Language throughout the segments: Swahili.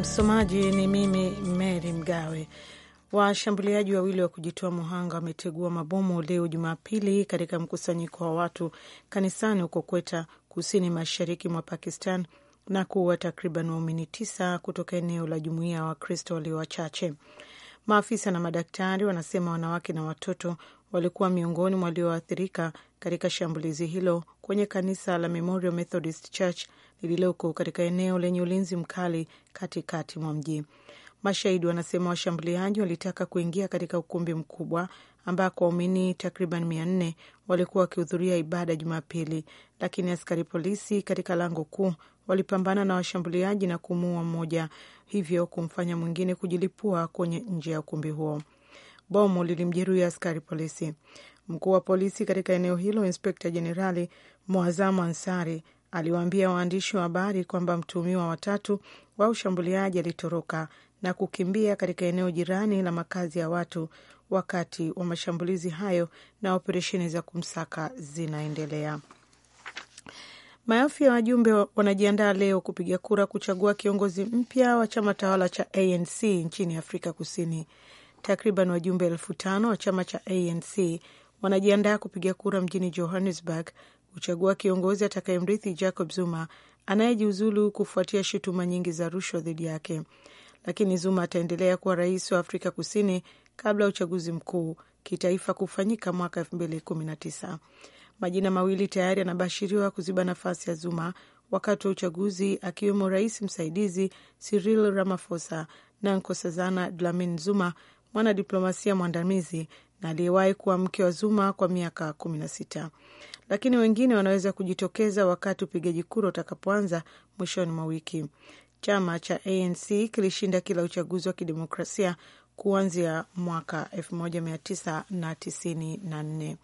Msomaji ni mimi Mary Mgawe. Washambuliaji wawili wa kujitoa muhanga wametegua mabomu leo Jumapili katika mkusanyiko wa watu kanisani huko Kweta, kusini mashariki mwa Pakistan na kuua takriban waumini tisa kutoka eneo la jumuiya ya Wakristo walio wachache. Maafisa na madaktari wanasema wanawake na watoto walikuwa miongoni mwa walioathirika katika shambulizi hilo kwenye kanisa la Memorial Methodist Church lililoko katika eneo lenye ulinzi mkali katikati mwa mji. Mashahidi wanasema washambuliaji walitaka kuingia katika ukumbi mkubwa ambako waumini takriban mia nne walikuwa wakihudhuria ibada Jumapili, lakini askari polisi katika lango kuu walipambana na washambuliaji na kumuua mmoja, hivyo kumfanya mwingine kujilipua kwenye nje ya ukumbi huo. Bomu lilimjeruhi askari polisi. Mkuu wa polisi katika eneo hilo, inspekta jenerali Mwazamu Ansari aliwaambia waandishi wa habari kwamba mtuhumiwa watatu wa ushambuliaji alitoroka na kukimbia katika eneo jirani la makazi ya watu wakati wa mashambulizi hayo na operesheni za kumsaka zinaendelea. Maelfu ya wajumbe wanajiandaa leo kupiga kura kuchagua kiongozi mpya wa chama tawala cha ANC nchini Afrika Kusini. Takriban wajumbe elfu tano wa chama cha ANC wanajiandaa kupiga kura mjini Johannesburg kuchagua kiongozi atakayemrithi Jacob Zuma anayejiuzulu kufuatia shutuma nyingi za rushwa dhidi yake, lakini Zuma ataendelea kuwa rais wa Afrika Kusini kabla ya uchaguzi mkuu kitaifa kufanyika mwaka tisa. Majina mawili tayari yanabashiriwa kuziba nafasi ya Zuma wakati wa uchaguzi, akiwemo rais msaidizi Cyril Ramaphosa na Nkosazana Dlamini Zuma, mwanadiplomasia mwandamizi na aliyewahi kuwa mke wa Zuma kwa miaka sita lakini wengine wanaweza kujitokeza wakati upigaji kura utakapoanza mwishoni mwa wiki. Chama cha ANC kilishinda kila uchaguzi wa kidemokrasia kuanzia mwaka 1994.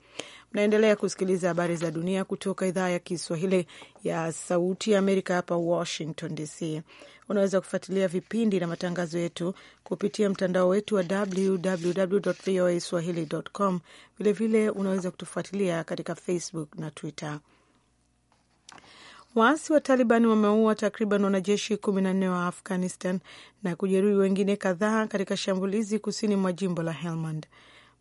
Mnaendelea kusikiliza habari za dunia kutoka idhaa ya Kiswahili ya Sauti ya Amerika hapa Washington DC. Unaweza kufuatilia vipindi na matangazo yetu kupitia mtandao wetu wa www voa swahili com. Vilevile unaweza kutufuatilia katika Facebook na Twitter. Waasi wa Taliban wameua takriban wanajeshi kumi na nne wa Afghanistan na kujeruhi wengine kadhaa katika shambulizi kusini mwa jimbo la Helmand.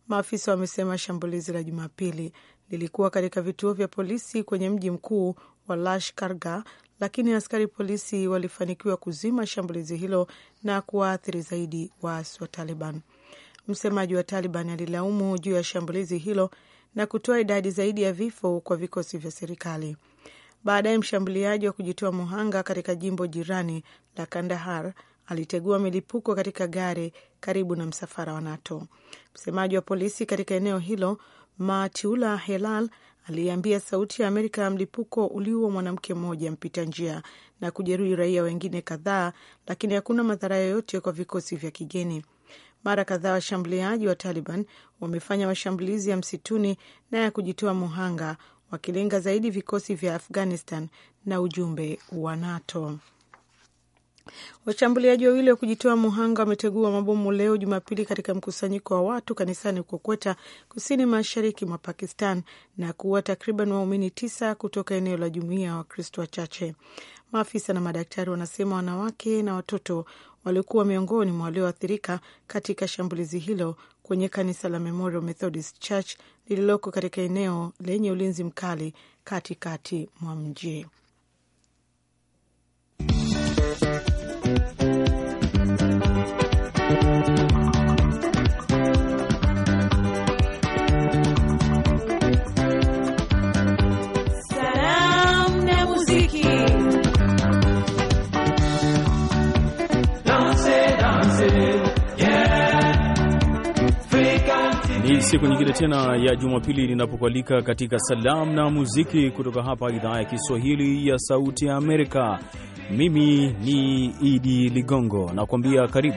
Maafisa wamesema shambulizi la Jumapili lilikuwa katika vituo vya polisi kwenye mji mkuu wa Lashkargah, lakini askari polisi walifanikiwa kuzima shambulizi hilo na kuwaathiri zaidi waasi wa Taliban. Msemaji wa Taliban alilaumu juu ya shambulizi hilo na kutoa idadi zaidi ya vifo kwa vikosi vya serikali. Baadaye mshambuliaji wa kujitoa muhanga katika jimbo jirani la Kandahar alitegua milipuko katika gari karibu na msafara wa NATO. Msemaji wa polisi katika eneo hilo Matiula Helal aliambia Sauti ya Amerika ya mlipuko uliua mwanamke mmoja mpita njia na kujeruhi raia wengine kadhaa, lakini hakuna madhara yoyote kwa vikosi vya kigeni. Mara kadhaa washambuliaji wa Taliban wamefanya mashambulizi ya msituni na ya kujitoa muhanga wakilenga zaidi vikosi vya Afghanistan na ujumbe wa NATO. Washambuliaji wawili wa kujitoa muhanga wametegua mabomu leo Jumapili katika mkusanyiko wa watu kanisani huko Kweta, kusini mashariki mwa Pakistan, na kuua takriban waumini tisa kutoka eneo la jumuiya ya Wakristo wachache. Maafisa na madaktari wanasema wanawake na watoto waliokuwa miongoni mwa walioathirika katika shambulizi hilo kwenye kanisa la Memorial Methodist Church lililoko katika eneo lenye ulinzi mkali katikati mwa mji. siku nyingine tena ya Jumapili linapokualika katika salamu na muziki kutoka hapa idhaa ya Kiswahili ya Sauti ya Amerika. Mimi ni Idi Ligongo nakwambia karibu.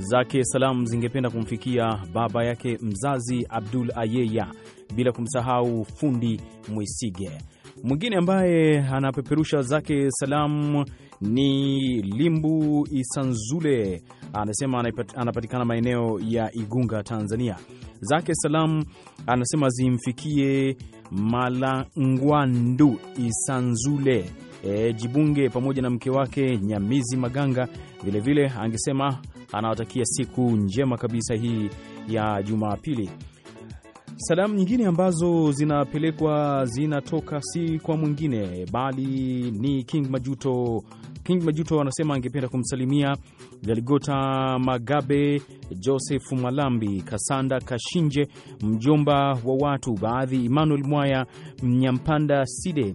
zake salam zingependa kumfikia baba yake mzazi Abdul Ayeya, bila kumsahau fundi Mwisige. Mwingine ambaye anapeperusha zake salamu ni Limbu Isanzule, anasema anapatikana maeneo ya Igunga, Tanzania. Zake salam anasema zimfikie Malangwandu Isanzule, e, Jibunge pamoja na mke wake Nyamizi Maganga. Vilevile vile, angesema anawatakia siku njema kabisa hii ya Jumapili. Salamu nyingine ambazo zinapelekwa zinatoka si kwa mwingine bali ni King Majuto. King Majuto anasema angependa kumsalimia Galigota Magabe, Joseph Malambi, Kasanda Kashinje, mjomba wa watu baadhi, Emmanuel Mwaya, Mnyampanda Side,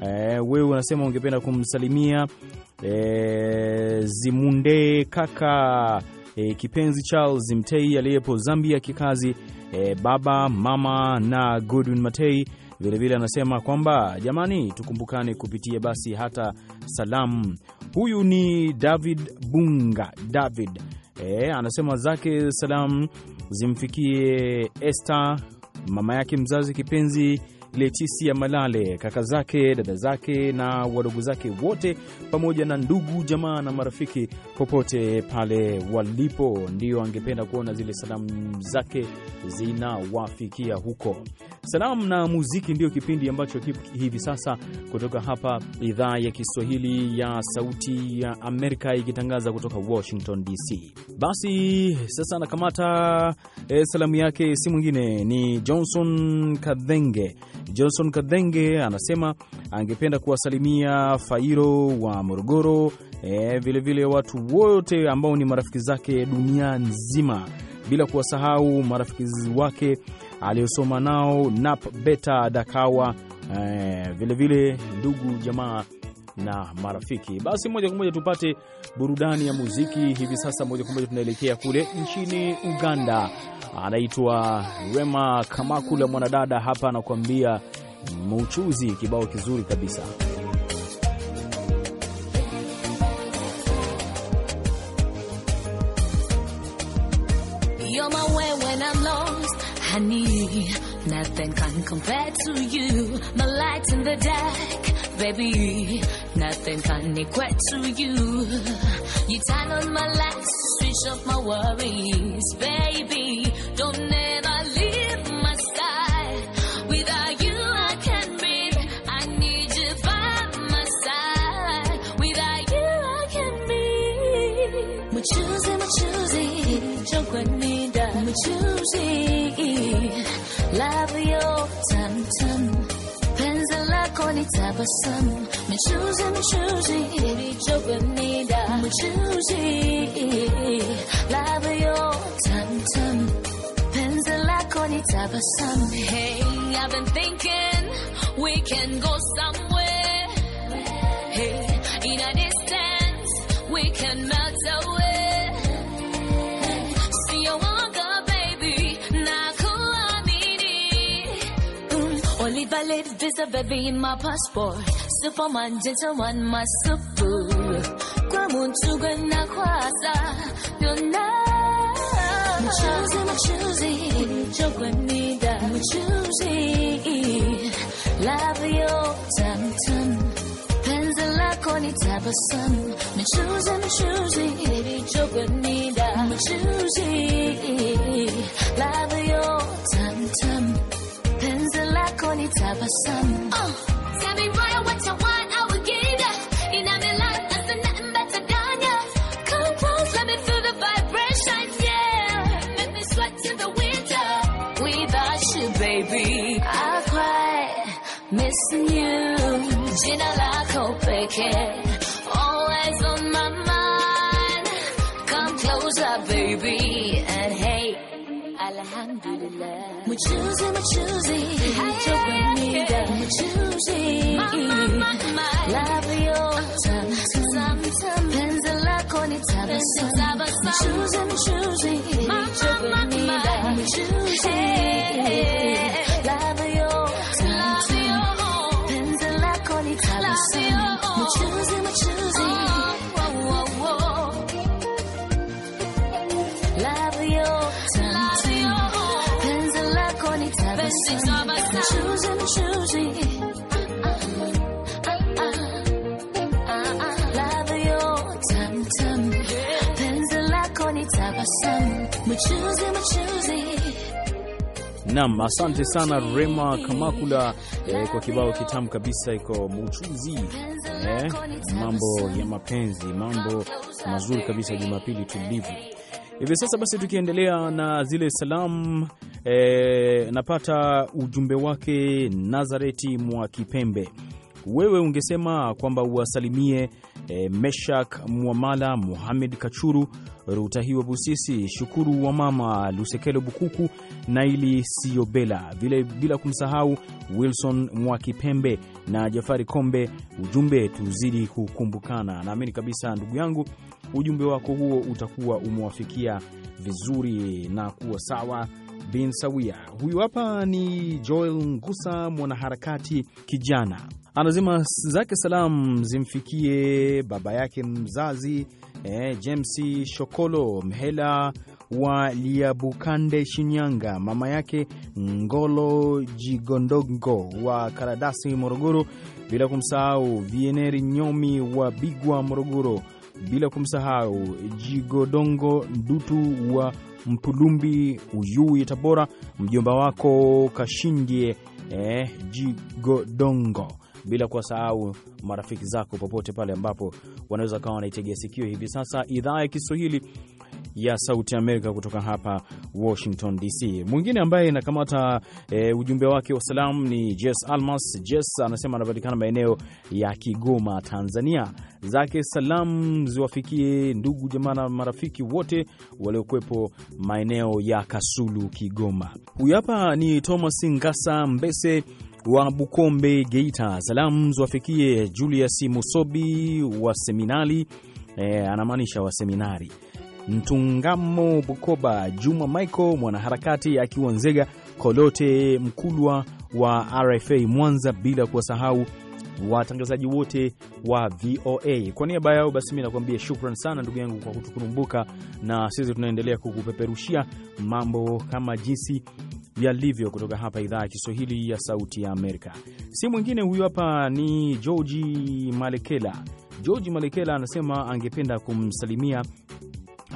eh, wewe unasema ungependa kumsalimia eh, Zimunde kaka eh, kipenzi Charles Mtei aliyepo Zambia kikazi eh, baba mama na Godwin Matei vilevile anasema kwamba jamani, tukumbukane kupitia basi hata salamu. Huyu ni David Bunga David e, anasema zake salamu zimfikie Esther mama yake mzazi kipenzi Letisia Malale, kaka zake, dada zake na wadogo zake wote, pamoja na ndugu jamaa na marafiki popote pale walipo, ndio angependa kuona zile salamu zake zinawafikia huko. Salamu na muziki ndio kipindi ambacho kipo hivi sasa kutoka hapa idhaa ya Kiswahili ya Sauti ya Amerika ikitangaza kutoka Washington DC. Basi sasa nakamata eh, salamu yake si mwingine ni Johnson Kadhenge Johnson Kadhenge anasema angependa kuwasalimia Fairo wa Morogoro, vilevile vile watu wote ambao ni marafiki zake dunia nzima, bila kuwasahau marafiki wake aliyosoma nao nap beta Dakawa, vilevile vile ndugu jamaa na marafiki. Basi moja kwa moja tupate burudani ya muziki hivi sasa. Moja kwa moja tunaelekea kule nchini Uganda, anaitwa Rema Kamakula, mwanadada hapa anakuambia mchuzi, kibao kizuri kabisa. You're my way when I'm lost, honey. baby. Nothing can equate to you. You turn on my lights, switch off my worries, baby. Don't ever leave my side. Without you, I can't breathe. I need you by my side. Without you, I can't breathe. My choosy, my choosy, 조건 미다. My choosy, love your time, time. 원이 다 벗어 내 주지 내 주지 이리 좁습니다 내 주지 love you Hey I've been thinking we can go somewhere Hey in a distance we can make valid visa baby my passport. Superman, gentleman, my super. I'm Kwamun tuga na kwasa, yona. I'm choosing, I'm choosing. Jogwa nida, I'm choosing. Love you, your tum tum. Pencil like on it, have a sun. I'm choosing, I'm choosing. Baby, jogwa I'm choosing. Love your tum tum. 잡았음 oh, Tell me right what you want I will give ya In my life there's nothing better than ya Come close let me feel the vibration. yeah Make me sweat in the winter Without you baby I cry missing you 지나라 고백해 choosing, my choosy. 조금이다, my Love your time, time, 펜슬 라콘이 잡았어. My choosing, my choosy. my my Nam, asante sana Rema Kamakula eh, kwa kibao kitamu kabisa iko muchuzi eh, mambo ya mapenzi, mambo mazuri kabisa, Jumapili tulivu. Hivi sasa basi, tukiendelea na zile salamu e, eh, napata ujumbe wake Nazareti mwa Kipembe. Wewe ungesema kwamba uwasalimie e, Meshak Mwamala, Muhamed Kachuru, Rutahiwa Busisi, Shukuru wa Mama Lusekelo, Bukuku na ili Siobela, vile bila kumsahau Wilson Mwakipembe na Jafari Kombe. Ujumbe, tuzidi kukumbukana. Naamini kabisa ndugu yangu ujumbe wako huo utakuwa umewafikia vizuri na kuwa sawa bin sawia. Huyu hapa ni Joel Ngusa, mwanaharakati kijana, anazima zake salam zimfikie baba yake mzazi eh, James Shokolo Mhela wa Liabukande, Shinyanga, mama yake Ngolo Jigondongo wa Karadasi, Morogoro, bila kumsahau Vieneri Nyomi wa Bigwa, Morogoro, bila kumsahau Jigodongo Ndutu wa Mpulumbi, Uyui, Tabora, mjomba wako Kashindie eh, Jigodongo, bila kuwasahau marafiki zako popote pale ambapo wanaweza kawa wanaitegea sikio hivi sasa idhaa ya Kiswahili ya Sauti Amerika kutoka hapa Washington DC. Mwingine ambaye inakamata e, ujumbe wake wa salam ni Jess Almas. Jess anasema anapatikana maeneo ya Kigoma, Tanzania. Zake salam ziwafikie ndugu jamaa na marafiki wote waliokuwepo maeneo ya Kasulu, Kigoma. Huyu hapa ni Thomas Ngasa Mbese wa Bukombe, Geita. Salamu ziwafikie Julius Musobi wa seminari, e, anamaanisha wa seminari Mtungamo Bukoba, Juma Michael mwanaharakati akiwa Nzega, Kolote Mkulwa wa RFA Mwanza, bila kuwasahau watangazaji wote wa VOA. Kwa niaba yao basi, mi nakuambia shukran sana ndugu yangu kwa kutukurumbuka, na sisi tunaendelea kukupeperushia mambo kama jinsi yalivyo kutoka hapa idhaa ya Kiswahili ya Sauti ya Amerika. Si mwingine huyu hapa ni Georgi Malekela. Georgi Malekela anasema angependa kumsalimia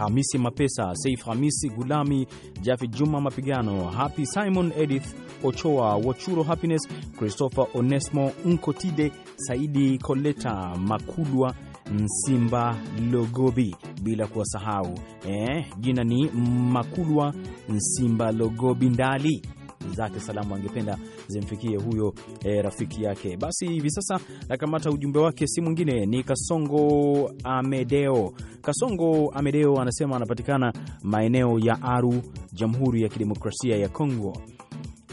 Hamisi Mapesa, Saif Hamisi Gulami, Jafi Juma Mapigano, Happy Simon, Edith Ochoa, Wachuro Happiness, Christopher Onesmo Nkotide, Saidi Koleta Makulwa msimba Logobi, bila kuwasahau eh, jina ni Makulwa Nsimba Logobi Ndali zake salamu angependa zimfikie huyo e, rafiki yake. Basi hivi sasa nakamata ujumbe wake, si mwingine ni Kasongo Amedeo. Kasongo Amedeo anasema anapatikana maeneo ya Aru, Jamhuri ya Kidemokrasia ya Kongo.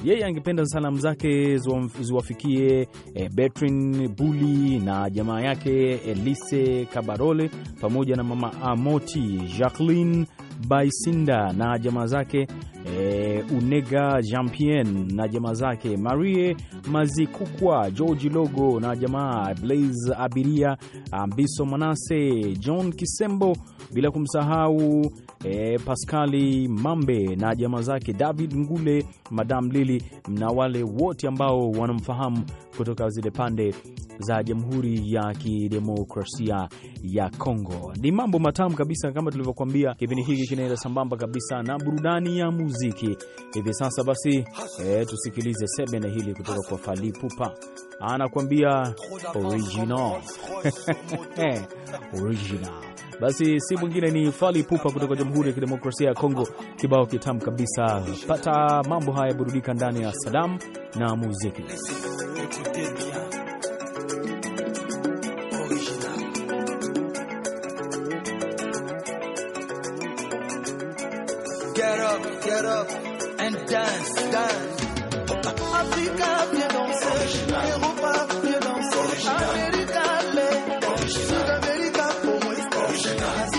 Yeye angependa salamu zake ziwafikie e, eh, Betrin Buli na jamaa yake Elise Kabarole pamoja na mama Amoti Jacqueline Baisinda na jamaa zake e, Unega Jampien na jamaa zake, Marie Mazikukwa, George Logo na jamaa, Blaze Abiria, Ambiso Manase, John Kisembo, bila kumsahau e, eh, Paskali Mambe na jamaa zake, David Ngule, Madam Lili na wale wote ambao wanamfahamu kutoka zile pande za Jamhuri ya Kidemokrasia ya Kongo. Ni mambo matamu kabisa, kama tulivyokuambia, kipindi hiki kinaenda sambamba kabisa na burudani ya muziki muziki hivi sasa. Basi e, tusikilize sebene hili kutoka kwa falipupa anakuambia original original. Basi si mwingine ni Fali Pupa kutoka Jamhuri ya Kidemokrasia ya Kongo, kibao kitamu kabisa. Pata mambo haya, burudika ndani ya Salam na muziki and dance, dance. Africa, viens danser. Europa, viens danser. América, mais. Sud-América, pour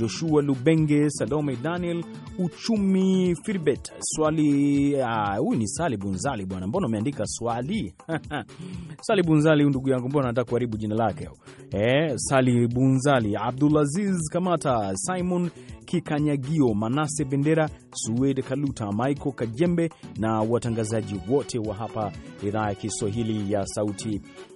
Joshua Lubenge, Salome Daniel Uchumi Firbet swali. Ah, huyu uh, ni Sali Bunzali bwana, mbona umeandika swali? Sali Bunzali ndugu yangu, mbona nataka kuharibu jina lake eh? Sali Bunzali, Abdulaziz Kamata, Simon Kikanyagio, Manase Bendera, Suwed Kaluta, Michael Kajembe na watangazaji wote wa hapa idhaa ya Kiswahili ya Sauti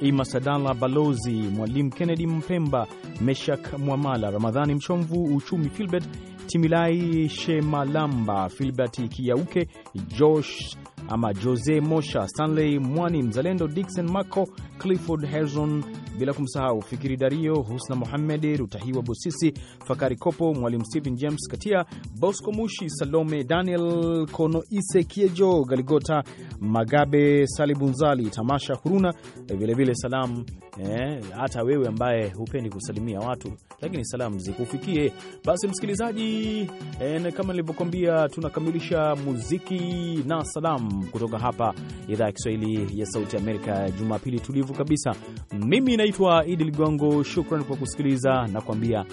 Ima Sadala, Balozi Mwalimu Kennedy Mpemba, Meshak Mwamala, Ramadhani Mchomvu, Uchumi Filbert Timilai Shemalamba, Filbert Kiauke, Josh ama Jose Mosha, Stanley Mwani, Mzalendo Dixon maco Clifford Herzon, bila kumsahau Fikiri Dario, Husna Muhammedi, Rutahiwa Bosisi, Fakari Kopo, Mwalimu Stephen James Katia, Bosco Mushi, Salome Daniel Konoise, Kiejo Galigota Magabe, Salibunzali, Tamasha Huruna, vilevile salamu eh, hata wewe ambaye hupendi kusalimia watu, lakini salamu zikufikie. Basi msikilizaji, eh, kama nilivyokwambia, tunakamilisha muziki na salamu kutoka hapa idhaa ya Kiswahili ya Sauti Amerika, Jumapili tulivu kabisa. Mimi naitwa Idi Ligongo, shukran kwa kusikiliza na kuambia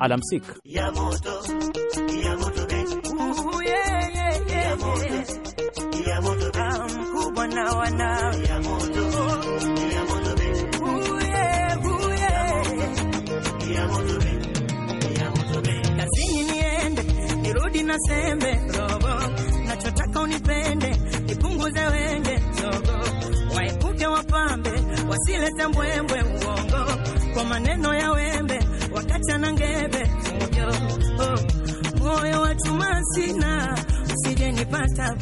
alamsik ya moto. na robo, nachotaka unipende, nipunguze wenge zogo, waepuke wapambe, wasilete mbwembwe uongo, kwa maneno ya wembe, wakati na ngebe moyo Oh, moyo wa chuma sina, usije nipata,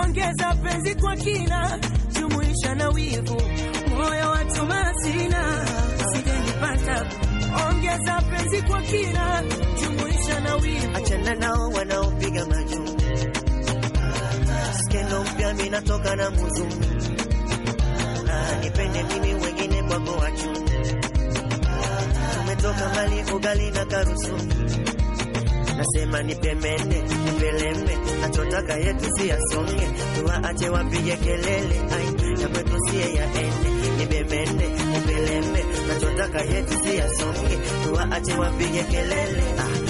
ongeza penzi kwa kina, jumuisha na wivu, moyo wa chuma sina, usije nipata, ongeza penzi kwa kina jumuisha na wivu, achana nao wanaopiga majuu. Skendo mpya minatoka na muzu, nipende mimi wengine kwako wachu. Tumetoka mbali ugali na karusu, nasema nipemene nipeleme, achotaka yetu siyasonge, tuwaache wapige kelele, ai ya kwetu siye yaende Nibemene, nibeleme, nachotaka yetu siyasonge, tuwaache wapige kelele ah.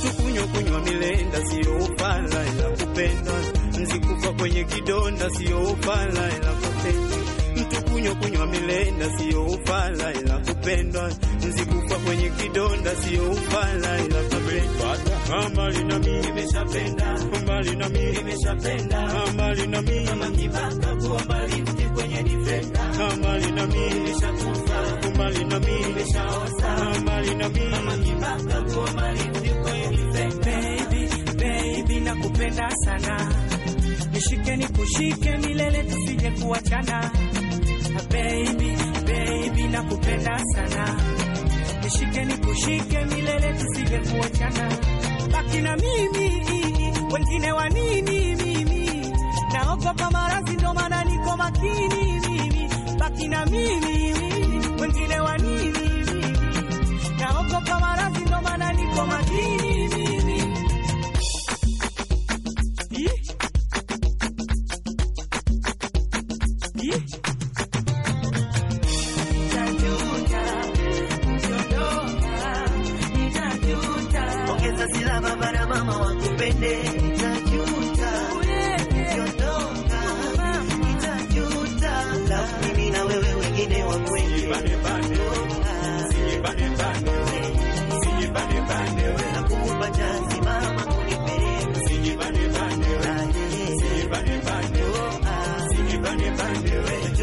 Msukunywa kunywa milenda siyo ufala ila kupenda, nzikufa kwenye kidonda siyo ufala ila kupenda. Mtukunywa kunywa milenda siyo ufala ila kupenda, mzikufa kwenye kidonda siyo ufala ila kupenda. Mbali na mimi nimeshapenda, mbali na mimi nimeshapenda, mbali na mimi kama kibaka kuwa mbali kwenye defender, mbali na mimi nimeshakufa, mbali na mimi nimeshaosa, mbali na mimi kama kibaka kuwa mbali nakupenda sana, nishike nikushike milele tusije kuachana. Baby, baby, nakupenda sana, nishike nikushike milele tusije kuachana. Baki na mimi, wengine wa nini? Mimi naogopa marazi, ndo maana niko makini mimi. Baki na mimi, wengine wa nini? Mimi Naogopa marazi, ndo maana niko makini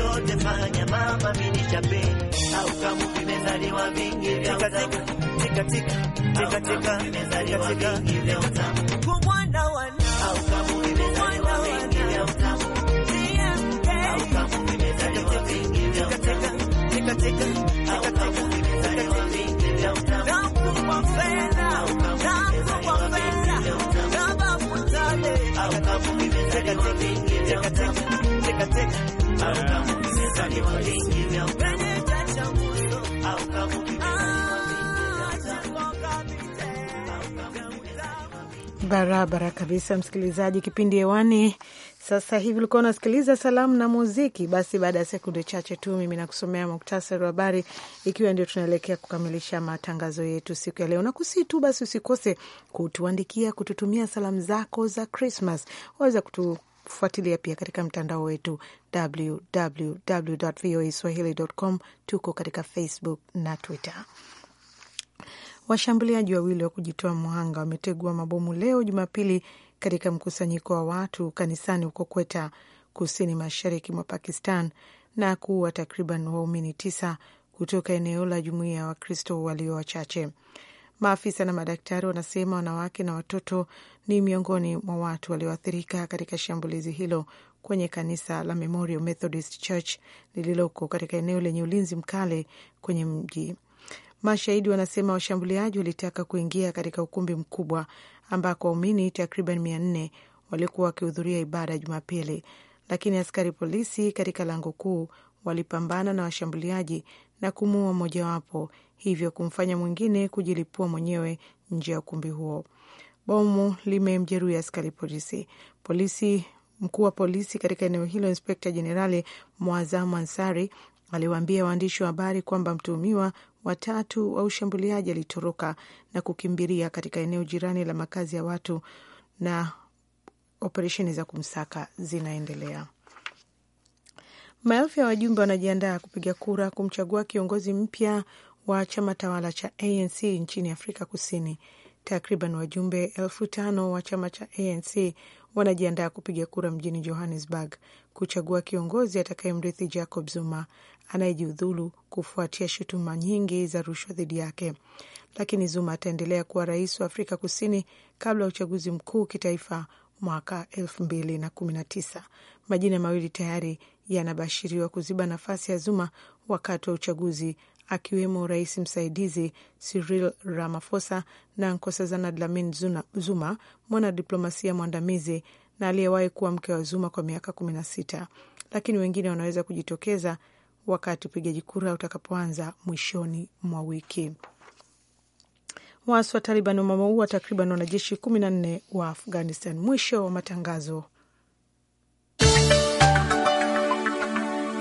yote fanya mama mimi nishape au kama vimezaliwa vingi vya tika tika tika tika vimezaliwa vingi vya utamu kwa mwana wa au kama vimezaliwa vingi vya utamu au kama na kwa Barabara kabisa, msikilizaji. Kipindi hewani sasa hivi ulikuwa unasikiliza salamu na muziki. Basi baada ya sekunde chache tu, mimi nakusomea muktasari wa habari, ikiwa ndio tunaelekea kukamilisha matangazo yetu siku ya leo. Na tu basi, usikose kutuandikia, kututumia salamu zako za Krismas. Waweza kutu kutufuatilia pia katika mtandao wetu swahilicom Tuko katika Facebook na Twitter. Washambuliaji wawili wa kujitoa mhanga wametegua mabomu leo Jumapili katika mkusanyiko wa watu kanisani huko Kweta, kusini mashariki mwa Pakistan na kuua takriban waumini tisa kutoka eneo la jumuiya ya Wakristo walio wachache. Maafisa na madaktari wanasema wanawake na watoto ni miongoni mwa watu walioathirika katika shambulizi hilo kwenye kanisa la Memorial Methodist Church lililoko katika eneo lenye ulinzi mkali kwenye mji. Mashahidi wanasema washambuliaji walitaka kuingia katika ukumbi mkubwa ambako waumini takriban mia nne walikuwa wakihudhuria ibada Jumapili, lakini askari polisi katika lango kuu walipambana na washambuliaji na kumuua mmojawapo hivyo kumfanya mwingine kujilipua mwenyewe nje ya ukumbi huo. Bomu limemjeruhi askari polisi. Polisi mkuu wa polisi katika eneo hilo Inspekta Jenerali Mwazamu Ansari aliwaambia waandishi wa habari kwamba mtuhumiwa watatu wa ushambuliaji alitoroka na kukimbilia katika eneo jirani la makazi ya watu na operesheni za kumsaka zinaendelea. Maelfu ya wajumbe wanajiandaa kupiga kura kumchagua kiongozi mpya wa chama tawala cha ANC nchini Afrika Kusini. Takriban wajumbe elfu tano wa chama cha ANC wanajiandaa kupiga kura mjini Johannesburg kuchagua kiongozi atakayemrithi Jacob Zuma anayejiudhulu kufuatia shutuma nyingi za rushwa dhidi yake. Lakini Zuma ataendelea kuwa rais wa Afrika Kusini kabla ya uchaguzi mkuu kitaifa mwaka elfu mbili na kumi na tisa. Majina mawili tayari yanabashiriwa kuziba nafasi ya Zuma wakati wa uchaguzi akiwemo rais msaidizi Cyril Ramaphosa na Nkosazana Dlamini Zuma, mwanadiplomasia mwandamizi na aliyewahi kuwa mke wa Zuma kwa miaka kumi na sita, lakini wengine wanaweza kujitokeza wakati upigaji kura utakapoanza mwishoni mwa wiki. Waasi wa Taliban wamewaua takriban wanajeshi kumi na nne wa Afghanistan. Mwisho wa matangazo.